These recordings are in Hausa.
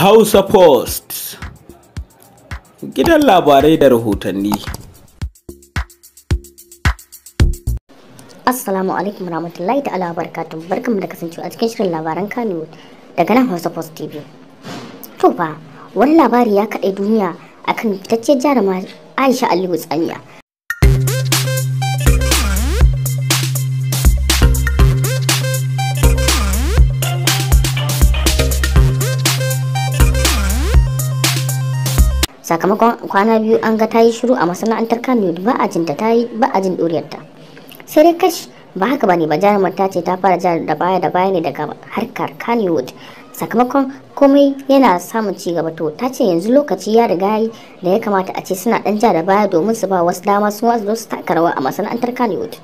Hausa Post gidan labarai da rahotanni. Assalamu alaikum rahmatullahi ta'ala barkatun barkamu da kasancewa a cikin shirin labaran Kano daga nan Hausa Post TV. To fa wani labari ya kaɗai duniya akan fitacce jarumar Aisha Aliyu Tsamiya sakamakon kwana biyu an ga ta yi shiru a masana'antar kano ba a jinta ta yi ba a jin ɗuriyarta sai dai kashi ba haka bane ba jarumar ta ce ta fara jihar da baya da baya ne daga harkar kano sakamakon komai yana samun ci gaba to ta ce yanzu lokaci ya riga yi da ya kamata a ce suna dan ja da baya domin su ba wasu dama su wasu zo su taka rawa a masana'antar kannywood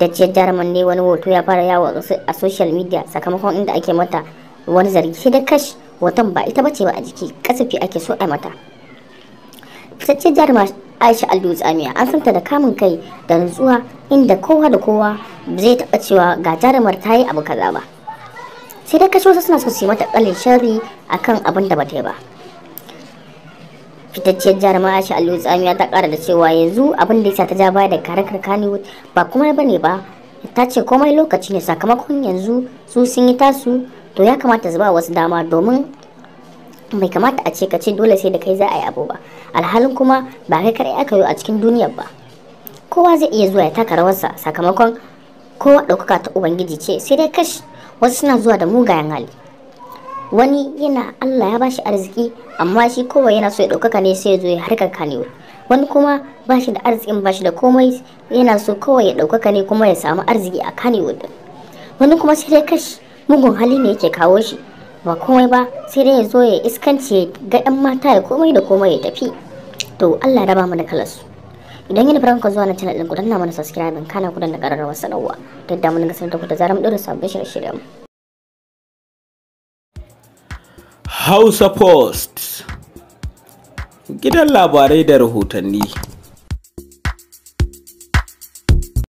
ce jarumar ne wani hoto ya fara yawo a social media sakamakon inda ake mata wani zargi sai da kashi watan ba ita bace ba a jiki kasafi ake so a mata fitacce jarumar aisha aldu tsamiya an santa da kamun kai da nutsuwa inda kowa da kowa zai taba cewa ga jarumar ta yi abu kaza ba sai dai kashi suna so su yi mata ƙalin sharri akan abin da ba ta yi ba fitacciyar jarumar aisha aldu tsamiya ta kara da cewa yanzu abin da yasa ta ja baya da karakar kanewood ba kuma ba ne ba ta ce komai lokaci ne sakamakon yanzu su sun yi tasu to ya kamata su ba wasu dama domin bai kamata a ce ka ce dole sai da kai za a yi abu ba alhalin kuma ba kai kaɗai aka yi a cikin duniya ba kowa zai iya zuwa ya taka rawarsa sakamakon kowa ɗaukaka ta ubangiji ce sai dai kashi wasu suna zuwa da mugayen hali wani yana allah ya bashi arziki amma shi kowa yana so ya daukaka ne sai ya zo ya harkar kanewa wani kuma bashi da arzikin bashi da komai yana so kowa ya ɗaukaka ne kuma ya samu arziki a kanewa wani kuma sai dai kashi mugun hali ne yake kawo shi ba komai ba sai dai ya zo ya iskance ga 'yan mata ya komai da komai ya tafi to Allah raba mu da kalas idan yana faranka zuwa na channel din ku danna mana subscribe kana ku danna kararrawar sanarwa da yadda mun ga sanar da ku da zarar mu dora sabbin shirye-shiryen mu Hausa Post gidan labarai da rahotanni